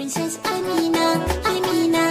Princess Amina, Amina